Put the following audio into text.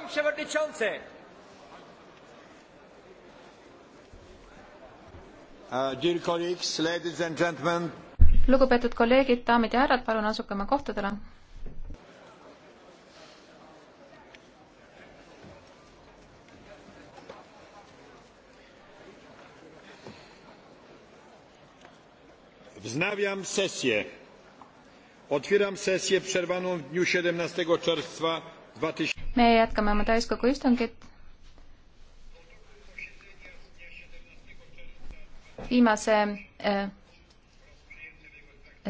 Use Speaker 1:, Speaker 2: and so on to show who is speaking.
Speaker 1: Pan Przewodniczący!
Speaker 2: Uh,
Speaker 3: lugupeetud kolleegid, daamid ja härrad, palun asuge oma kohtadele.
Speaker 4: Wznawiam sesję. Otwieram sesję przerwaną w dniu 17 czerwca
Speaker 5: me jätkame oma täiskogu istungit. viimase äh,